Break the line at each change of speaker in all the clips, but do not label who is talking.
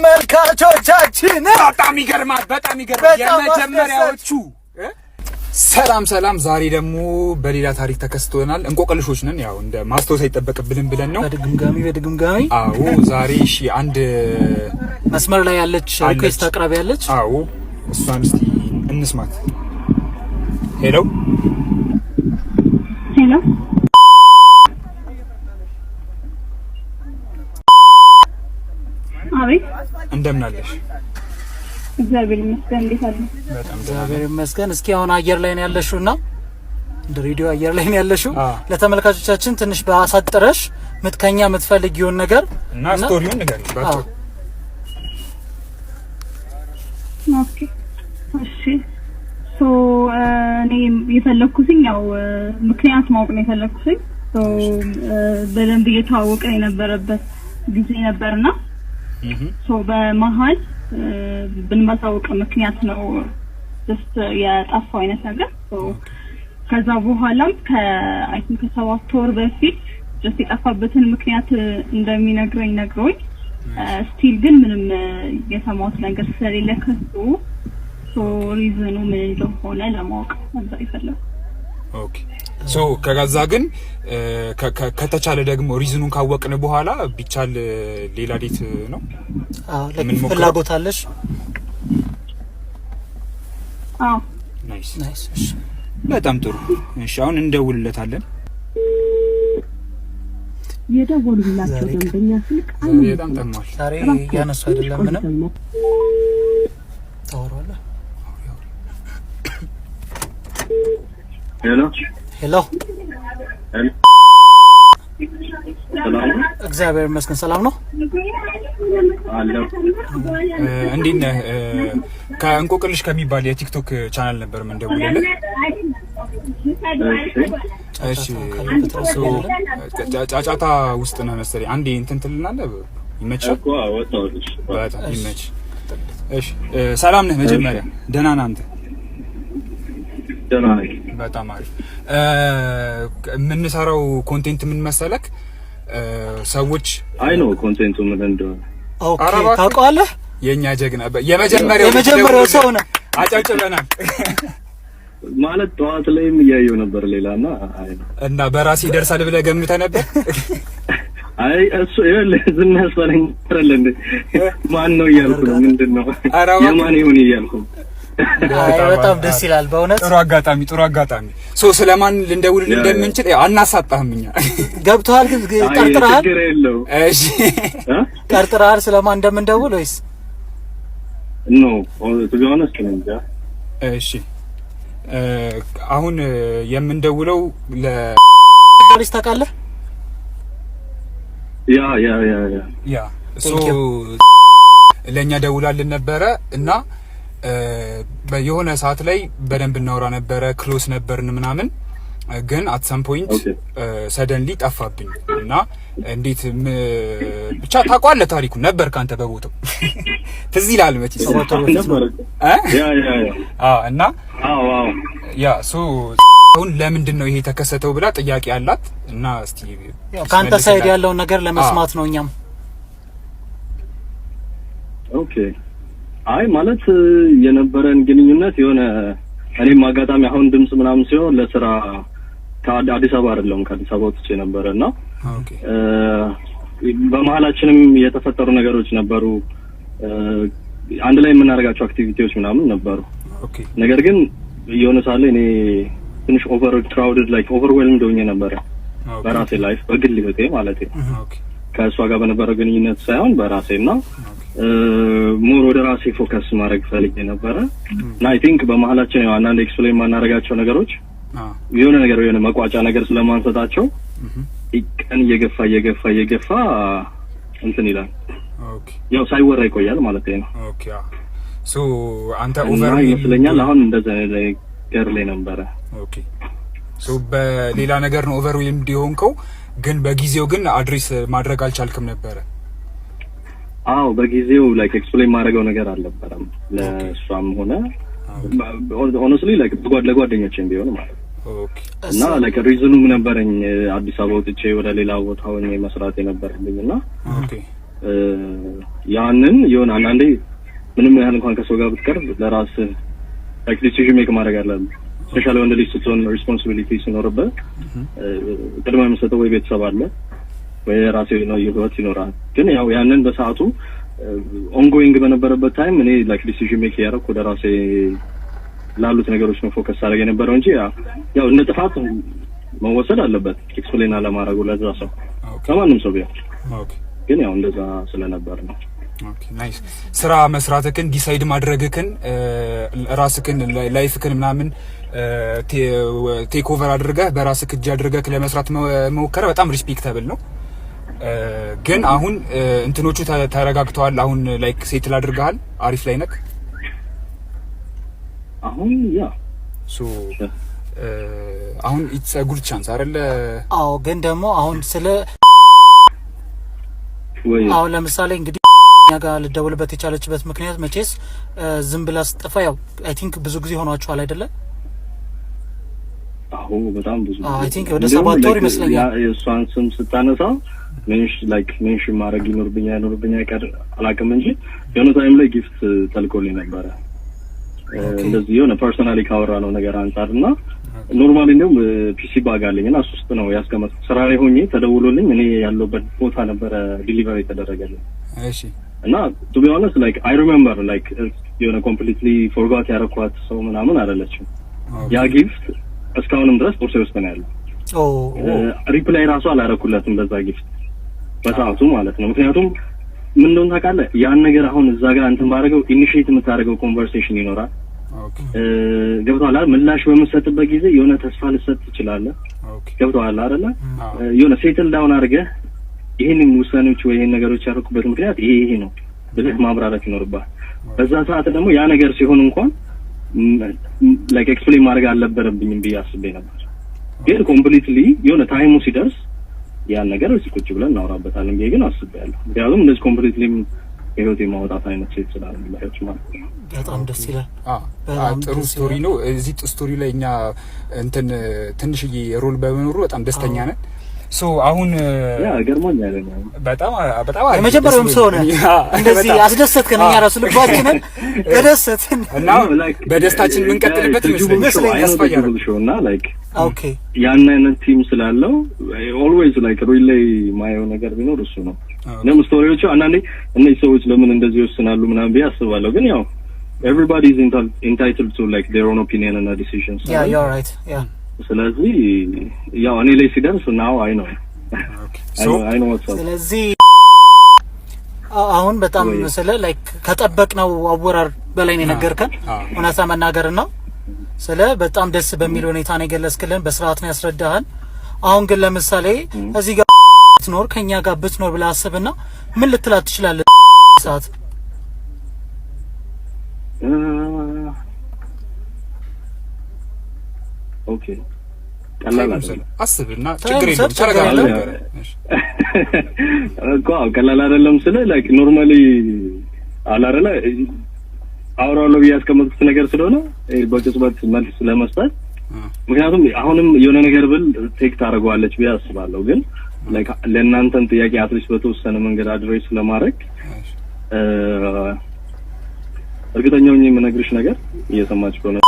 ተመልካቾቻችን
በጣም ይገርማል። በጣም ይገርማል። የመጀመሪያዎቹ ሰላም ሰላም። ዛሬ ደግሞ በሌላ ታሪክ ተከስቶናል። እንቆቅልሾች ነን ያው እንደ ማስታወስ አይጠበቅብንም ብለን ነው
በድግምጋሚ በድግምጋሚ።
አዎ ዛሬ እሺ፣ አንድ
መስመር ላይ ያለች ሪኩዌስት አቅራቢ ያለች።
አዎ እሷን እስቲ እንስማት። ሄሎ ሄሎ እንደምን አለሽ?
እግዚአብሔር
ይመስገን። እስኪ አሁን አየር ላይ ነው ያለሽው እና እንደ ሬዲዮ አየር ላይ ነው ያለሽው። ለተመልካቾቻችን ትንሽ በአሳጥረሽ ምትከኛ የምትፈልጊውን ነገር
እና ስቶሪውን
ኦኬ እሺ። ሶ እኔ የፈለኩትኝ ያው ምክንያት ማወቅ ነው የፈለኩትኝ። በደንብ እየተዋወቀ የነበረበት ጊዜ ነበርና በመሀል ብንመታወቅ ምክንያት ነው ጀስት የጠፋው አይነት ነገር ከዛ በኋላም ከአይ ቲንክ ከሰባት ወር በፊት ጀስት የጠፋበትን ምክንያት እንደሚነግረኝ ነግሮኝ ስቲል ግን ምንም የሰማት ነገር ስለሌለ ከሱ ሪዝኑ ምን እንደሆነ ለማወቅ ነበር የፈለጉ
ኦኬ ሶ ከጋዛ ግን ከተቻለ ደግሞ ሪዝኑን ካወቅን በኋላ ቢቻል ሌላ ዴት ነው
ፍላጎት አለሽ?
በጣም ጥሩ። እሺ አሁን እንደውልለታለን።
የደወሉላቸው ደንበኛ ስልክ
በጣም ጠሟል። ዛሬ አይደለም ምንም ታወራለህ።
ሄሎ
ሄሎ፣ እግዚአብሔር ይመስገን ሰላም ነው።
እንዴት ነህ? ከእንቁቅልሽ ከሚባል የቲክቶክ ቻናል ነበር የምንደውልልህ። ጫጫታ ውስጥ ነህ መሰለኝ። አንዴ እንትን ትልናለህ። ይመችህ፣ ይመችህ። እሺ፣ ሰላም ነህ? መጀመሪያ ደህና ነህ አንተ? ደህና ነኝ። በጣም አሪፍ። የምንሰራው ኮንቴንት ምን መሰለክ ሰዎች
አይ ነው ኮንቴንቱ ምን እንደሆነ
ኦኬ፣ ታውቀዋለህ።
የኛ ጀግና የመጀመሪያው
የመጀመሪያው ሰው ነው።
አጫጭበናል
ማለት ጠዋት ላይም እያየው ነበር ሌላ እና
እና በራሴ ይደርሳል ብለህ ገምተህ ነበር?
አይ እሱ ይኸውልህ ዝም ያስፈለኝ ማን ነው እያልኩ ነው። ምንድን ነው የማን ይሁን እያልኩ
በጣም ደስ ይላል በእውነት
ጥሩ አጋጣሚ ጥሩ አጋጣሚ ሶ ስለማን ልንደውል እንደምንችል አናሳጣህም እኛ
ገብተዋል ግን ጠርጥረሃል እሺ ጠርጥረሃል ስለማን እንደምንደውል ወይስ
ኖ
እሺ አሁን የምንደውለው ለ
ፖሊስ ታውቃለህ
ያ ያ ያ ያ
ያ ሶ ለእኛ ደውላልን ነበረ እና የሆነ ሰዓት ላይ በደንብ እናወራ ነበረ፣ ክሎስ ነበርን ምናምን ግን አት ሰም ፖይንት ሰደንሊ ጠፋብኝ እና እንዴት ብቻ ታቋለ ታሪኩ ነበር ከአንተ በቦታው
ትዝ ይልሃል መቼስ
እና ያ ሶ አሁን ለምንድን ነው ይሄ ተከሰተው ብላ ጥያቄ አላት እና እስቲ
ከአንተ ሳይድ ያለውን ነገር ለመስማት ነው እኛም
ኦኬ አይ ማለት የነበረን ግንኙነት የሆነ እኔም አጋጣሚ አሁን ድምጽ ምናምን ሲሆን ለስራ ከአዲስ አበባ አይደለሁም ከአዲስ አበባ ወጥቼ ነበረ እና በመሀላችንም የተፈጠሩ ነገሮች ነበሩ። አንድ ላይ የምናደርጋቸው አክቲቪቲዎች ምናምን ነበሩ። ነገር ግን የሆነ ሳለ እኔ ትንሽ ኦቨር ክራውድድ ላይክ ኦቨርዌልምድ ሆኜ ነበረ በራሴ ላይፍ በግል ህይወቴ ማለት ነው። ከእሷ ጋር በነበረው ግንኙነት ሳይሆን በራሴ እና ሙር ወደ ራሴ ፎከስ ማድረግ ፈልጌ ነበረ እና አይ ቲንክ በመሀላችን ያው አንዳንድ ኤክስፕሌን የማናደርጋቸው ነገሮች የሆነ ነገር የሆነ መቋጫ ነገር ስለማንሰጣቸው ቀን እየገፋ እየገፋ እየገፋ እንትን ይላል። ያው ሳይወራ ይቆያል ማለት ነው። አንተ ይመስለኛል አሁን እንደዛ ነገር ላይ ነበረ።
በሌላ ነገር ነው ኦቨር ዌልምድ የሆንከው፣ ግን በጊዜው ግን አድሬስ ማድረግ አልቻልክም ነበረ
አዎ በጊዜው ላይክ ኤክስፕሌን ማድረገው ነገር አልነበረም ለእሷም ሆነ ሆነስሊ ለጓደኞቼም ቢሆን ማለት እና ላይክ ሪዝኑም ነበረኝ አዲስ አበባ ወጥቼ ወደ ሌላ ቦታ ሆኜ መስራት የነበረብኝ እና ያንን የሆነ አንዳንዴ ምንም ያህል እንኳን ከሰው ጋር ብትቀርብ ለራስህ ላይክ ዲሲዥን ሜክ ማድረግ አለብህ። ስፔሻል ወንድ ልጅ ስትሆን ሪስፖንሲቢሊቲ ሲኖርበት ቅድመ የምሰጠው ወይ ቤተሰብ አለ የራሴ ነው ህይወት ይኖራል። ግን ያው ያንን በሰዓቱ ኦንጎይንግ በነበረበት ታይም እኔ ላይክ ዲሲዥን ሜክ ያደረኩ ወደ ራሴ ላሉት ነገሮች ነው ፎከስ አደረገ የነበረው እንጂ ያው እንደ ጥፋት መወሰድ አለበት ኤክስፕሌን አለማድረጉ ለዛ ሰው ከማንም ሰው ቢሆን ግን ያው እንደዛ ስለነበር ነው።
ናይስ ስራ መስራትክን ዲሳይድ ማድረግክን ራስክን ላይፍክን ምናምን ቴክ ኦቨር አድርገህ በራስክ እጅ አድርገህ ለመስራት መሞከረ በጣም ሪስፔክተብል ነው። ግን አሁን እንትኖቹ ተረጋግተዋል። አሁን ላይክ ሴትል አድርገሃል፣ አሪፍ ላይ ነክ አሁን ያ ሶ አሁን ኢትስ ጉድ ቻንስ አይደለ?
አዎ። ግን ደግሞ አሁን ስለ አሁን ለምሳሌ እንግዲህ እኛ ጋር ልደውልበት የቻለችበት ምክንያት መቼስ ዝም ብላ ስጠፋ ያው አይ ቲንክ ብዙ ጊዜ ሆኗችኋል አይደለም
አዎ፣ በጣም ብዙ
አይ ቲንክ ወደ ሰባት ወር ይመስለኛል።
የእሷን ስም ስታነሳ ላይክ ሜንሽን ማድረግ ይኖርብኛ ይኖርብኛ አይቀር አላውቅም እንጂ የሆነ ታይም ላይ ጊፍት ተልኮልኝ ነበረ እንደዚህ የሆነ ፐርሶናሊ ካወራ ነው ነገር አንጻር እና ኖርማሊ እንዲሁም ፒሲ ባግ አለኝ እና እሱ ውስጥ ነው ያስቀመጥ ስራ ላይ ሆኜ ተደውሎልኝ እኔ ያለሁበት ቦታ ነበረ ዲሊቨሪ የተደረገልኝ እና ቱ ቢ ኦነስት ላይክ አይ ሪሜምበር ላይክ የሆነ ኮምፕሊትሊ ፎርጋት ያረኳት ሰው ምናምን አይደለችም። ያ ጊፍት እስካሁንም ድረስ ቦርሳዬ ውስጥ ነው ያለው። ሪፕላይ ራሱ አላረኩለትም በዛ ጊፍት በሰዓቱ ማለት ነው። ምክንያቱም ምን እንደሆነ ታውቃለህ፣ ያን ነገር አሁን እዛ ጋር እንትን ባደረገው ኢኒሺየት የምታደርገው ኮንቨርሴሽን ይኖራል። ገብተዋል አይደል? ምላሽ በምትሰጥበት ጊዜ የሆነ ተስፋ ልሰጥ ትችላለህ። ገብተዋል አይደለ? የሆነ ሴትል ዳውን አድርገህ ይህንን ውሳኔዎች ወይ ይህን ነገሮች ያደረኩበት ምክንያት ይሄ ይሄ ነው ብለህ ማብራራት ይኖርባል። በዛ ሰዓት ደግሞ ያ ነገር ሲሆን እንኳን ላይክ ኤክስፕሌን ማድረግ አልነበረብኝም ብዬ አስቤ ነበር። ግን ኮምፕሊትሊ የሆነ ታይሙ ሲደርስ ያን ነገር እስኪ ቁጭ ብለን እናወራበታለን ብዬ ግን አስቤያለሁ። ምክንያቱም እነዚህ ኮምፕሊትሊም ህይወት የማውጣት አይነት ሴት ስላለ ላዎች ማለት
ነው። በጣም ደስ ይላል።
ጥሩ ስቶሪ ነው። እዚህ ስቶሪ ላይ እኛ እንትን ትንሽዬ ሮል በመኖሩ በጣም ደስተኛ ነን። ሶ አሁን
የመጀመሪያውም ሰው ነህ እንደዚህ አስደሰትከን። እኛ ራሱ ልባችንን ተደሰትን
እና በደስታችን የምንቀጥልበት
ይመስለኛል ኦኬ ያን አይነት ቲም ስላለው ኦልዌይዝ ላይክ ሪሌይ ማየው ነገር ቢኖር እሱ ነው። እኔም ስቶሪዎቹ አንዳንዴ እነዚህ ሰዎች ለምን እንደዚህ ይወስናሉ ምናምን ብዬ አስባለሁ። ግን ያው ኤቭሪባዲ ኢዝ ኢንታይትልድ ቱ ላይክ ኦን ኦፒኒየን እና
ያ ዩ አር ራይት ያ
ስለዚህ ያው እኔ ላይ ሲደርስ ናው አይ ነው አይ ነው። ስለዚህ
አሁን በጣም ስለ ላይክ ነው አወራር በላይ ነው የነገርከን እውነታ ነው ስለ በጣም ደስ በሚል ሁኔታ ነው የገለጽክልን፣ በስርዓት ነው ያስረዳሃል አሁን ግን ለምሳሌ እዚህ ጋር ብትኖር ከኛ ጋር ብትኖር ብለህ አስብና ምን ልትላት ትችላለህ ሰዓት
ኦኬ ቀላል አይደለም። ስለ ላይክ ኖርማሊ አላረለ አውራሎ ብዬ ያስቀመጥኩት ነገር ስለሆነ በቅጽበት መልስ ለመስጠት ምክንያቱም አሁንም የሆነ ነገር ብል ቴክ ታደርገዋለች ብዬ አስባለሁ። ግን ላይክ ለእናንተን ጥያቄ አትሊስት በተወሰነ መንገድ አድሬስ ለማድረግ እርግጠኛው የምነግርሽ ነገር እየሰማች ከሆነ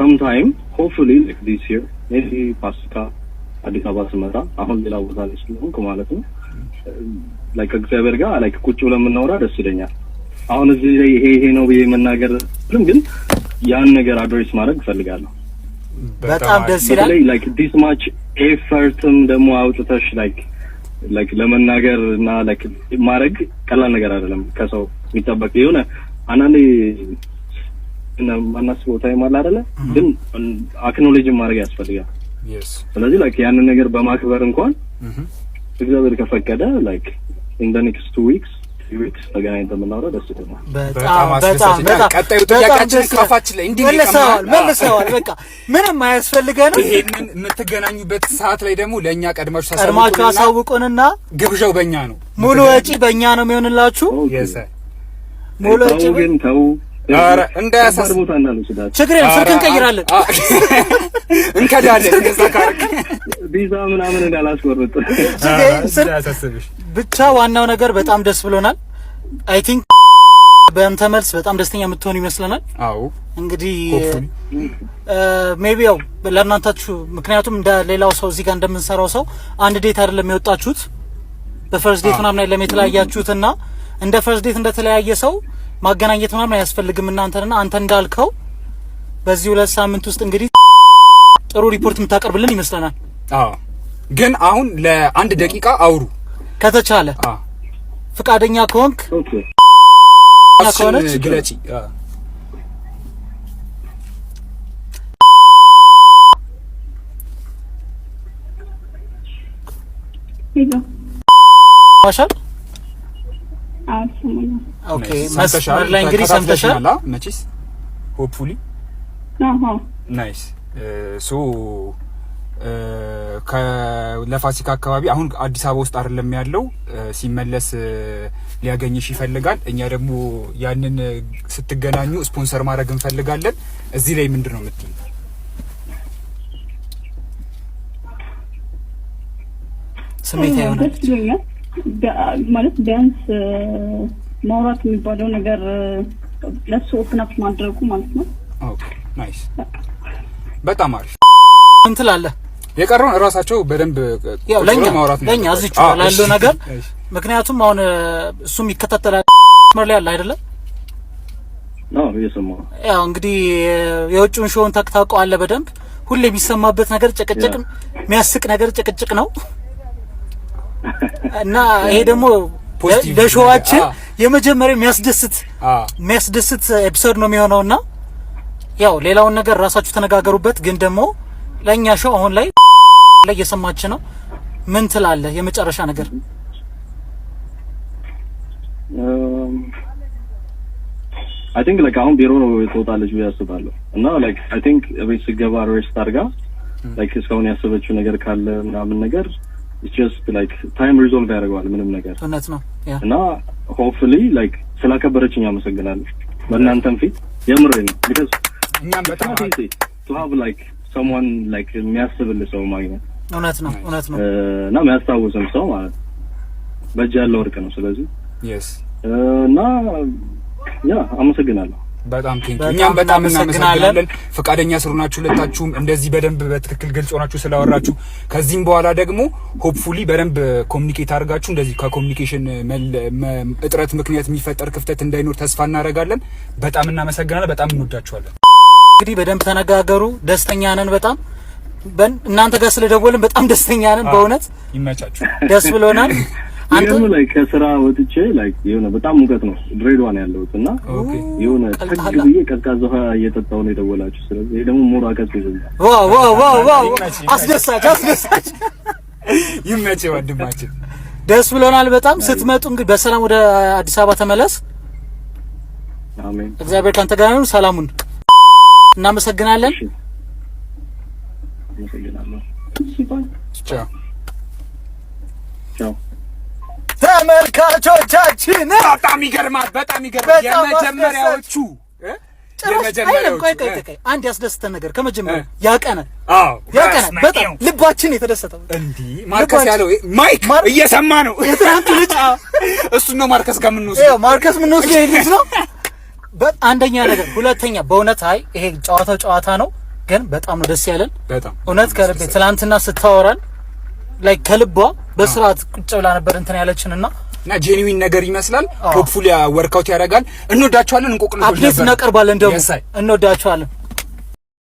ሰምታይም ሆፕፉሊ ላይክ ዲስ ይር ሜቢ ፓስካ አዲስ አበባ ስመጣ አሁን ሌላ ቦታ ላይ ስለሆንኩ ማለት ነው ላይክ um, እግዚአብሔር ጋር ላይክ ቁጭ ብለን የምናወራ ደስ ይለኛል። አሁን እዚህ ላይ ይሄ ይሄ ነው ብዬ መናገር ግን ያን ነገር አድሬስ ማድረግ እፈልጋለሁ።
በጣም ደስ ይላል።
ላይክ ዲስ ማች ኤፈርትም ደግሞ አውጥተሽ ላይክ ላይክ ለመናገር እና ላይክ ማድረግ ቀላል ነገር አይደለም። ከሰው የሚጠበቅ የሆነ አንዳንዴ ማናስበው ታይም አለ አይደለ? ግን አክኖሌጅን ማድረግ ያስፈልጋል። ስለዚህ ላይክ ያንን ነገር በማክበር እንኳን እግዚአብሔር ከፈቀደ ላይክ ኢን ዘ ኔክስት ቱ ዊክስ ዊክስ
ምንም አያስፈልገንም።
ይሄንን የምትገናኙበት ሰዓት ላይ ደግሞ ለእኛ ቀድማችሁ
ቀድማችሁ አሳውቁንና
ግብዣው በእኛ ነው።
ሙሉ ወጪ በእኛ ነው የሚሆንላችሁ።
ሙሉ ወጪ ግን ተው
እንዳያሳስ
ችግር የለም። ስልክ እንቀይራለን፣
እንከዳለን።
ቪዛ ምናምን እንዳላስቆርጥ
ብቻ። ዋናው ነገር በጣም ደስ ብሎናል። አይ ቲንክ በአንተ መልስ በጣም ደስተኛ የምትሆኑ ይመስለናል። አዎ እንግዲህ ሜቢ ያው ለእናንታችሁ፣ ምክንያቱም እንደ ሌላው ሰው እዚህ ጋር እንደምንሰራው ሰው አንድ ዴት አይደለም የወጣችሁት በፈርስት ዴት ምናምን አይደለም የተለያያችሁት እና እንደ ፈርስት ዴት እንደተለያየ ሰው ማገናኘት ምናምን አያስፈልግም። እናንተንና አንተ እንዳልከው በዚህ ሁለት ሳምንት ውስጥ እንግዲህ ጥሩ ሪፖርት የምታቀርብልን ይመስለናል።
አዎ፣ ግን አሁን ለአንድ ደቂቃ አውሩ
ከተቻለ። ፍቃደኛ ከሆንክ
ከሆነች ግለጪ።
ይሻል ተሰማኛል። ሰምተሻል
መቼስ ሆፕፉሊ ናይስ ሶ ለፋሲካ አካባቢ አሁን አዲስ አበባ ውስጥ አይደለም ያለው፣ ሲመለስ ሊያገኝሽ ይፈልጋል። እኛ ደግሞ ያንን ስትገናኙ ስፖንሰር ማድረግ እንፈልጋለን። እዚህ ላይ ምንድን ነው የምትይኝ?
ስሜት አይሆናለች
ማለት ቢያንስ ማውራት የሚባለው ነገር ለሱ ኦፕናፕ ማድረጉ ማለት ነው።
ናይስ፣ በጣም አሪፍ እንትላለህ። የቀረውን እራሳቸው በደንብ
ያው ለኛ ማውራት ነው ለኛ እዚህ ላለው ነገር ምክንያቱም አሁን እሱም ይከታተላል መር ላይ ያለ አይደለም ያው እንግዲህ የውጭውን ሾውን ታውቀዋለህ በደንብ ሁሌ የሚሰማበት ነገር ጭቅጭቅ፣ የሚያስቅ ነገር ጭቅጭቅ ነው። እና ይሄ ደግሞ ለሾዋችን የመጀመሪያ የሚያስደስት የሚያስደስት ኤፒሶድ ነው የሚሆነው እና ያው ሌላውን ነገር ራሳችሁ ተነጋገሩበት። ግን ደግሞ ለእኛ ሾው አሁን ላይ ላይ እየሰማች ነው። ምን ትላለህ? የመጨረሻ ነገር
አይ ቲንክ ላይክ አሁን ቢሮ ነው ትወጣለች ብዬ አስባለሁ እና ላይክ አይ ቲንክ እቤት ስገባ ሬስት አድርጋ ላይክ እስካሁን ያሰበችው ነገር ካለ ምናምን ነገር ጀስት ላይክ ታይም ሪዞልቭ ያደርገዋል
ምንም ነገር እውነት ነው።
እና ሆፕፉሊ ላይክ ስላከበረችኝ አመሰግናለሁ በእናንተም ፊት የምሬ ነው። ቢካዝ እኛም በጣም ቱ ሃቭ ላይክ ሰምዋን ላይክ የሚያስብል ሰው ማግኘት
እውነት ነው፣ እውነት
ነው። እና የሚያስታውስም ሰው ማለት ነው። በእጅ ያለው ወርቅ ነው። ስለዚህ እና ያ አመሰግናለሁ።
በጣም ቴንኪ እኛም በጣም እናመሰግናለን። ፈቃደኛ ስለሆናችሁ ሁለታችሁም እንደዚህ በደንብ በትክክል ግልጽ ሆናችሁ ስላወራችሁ ከዚህም በኋላ ደግሞ ሆፕፉሊ በደንብ ኮሚኒኬት አድርጋችሁ እንደዚህ ከኮሚኒኬሽን እጥረት ምክንያት የሚፈጠር ክፍተት እንዳይኖር ተስፋ እናደርጋለን። በጣም እናመሰግናለን። በጣም እንወዳችኋለን።
እንግዲህ በደንብ ተነጋገሩ። ደስተኛ ነን በጣም እናንተ ጋር ስለደወልን በጣም ደስተኛ ነን። በእውነት ይመቻችሁ። ደስ ብሎናል።
አንተም ላይ ከስራ ወጥቼ ላይ የሆነ በጣም ሙቀት ነው ድሬዳዋ ነው ያለሁት እና የሆነ ጠግ ብዬ ቀዝቃዛ ውሃ እየጠጣሁ ነው የደወላችሁ። ስለዚህ ይሄ ደግሞ ሞራ ቀዝቅዞኛል።
ዋው ዋው ዋው ዋው! አስደሳች አስደሳች።
ይመቼ ወንድማችን፣
ደስ ብሎናል በጣም ስትመጡ። እንግዲህ በሰላም ወደ አዲስ አበባ ተመለስ። አሜን። እግዚአብሔር ካንተ ጋር ነው። ሰላሙን እናመሰግናለን።
እናመሰግናለን። ቻው ቻው።
ተመልካቾቻችን በጣም ይገርማል። በጣም ይገርማል። የመጀመሪያዎቹ
አንድ ያስደስተን ነገር ከመጀመሪያ ያቀናል ያቀናል። በጣም ልባችን የተደሰተው
እንዲህ ማርከስ ያለው ማይክ እየሰማ ነው። የትናንቱ ልጅ እሱ ነው ማርከስ ጋር የምንወስደው
ማርከስ የምንወስደው ይሄ ልጅ ነው። አንደኛ ነገር፣ ሁለተኛ በእውነት አይ ይሄ ጨዋታው ጨዋታ ነው፣ ግን በጣም ነው ደስ ያለን። በጣም እውነት ከልቤ ትናንትና ስታወራን ላይ ከልቧ በስርዓት ቁጭ ብላ ነበር እንትን ያለችን እና
እና ጄኒዊን ነገር ይመስላል። ሆፕፉሊ ወርካውት uh, ያደርጋል። እንወዳቸዋለን። እንቆቅልሽ
አፕዴት እናቀርባለን። ደግሞ
እንወዳቸዋለን።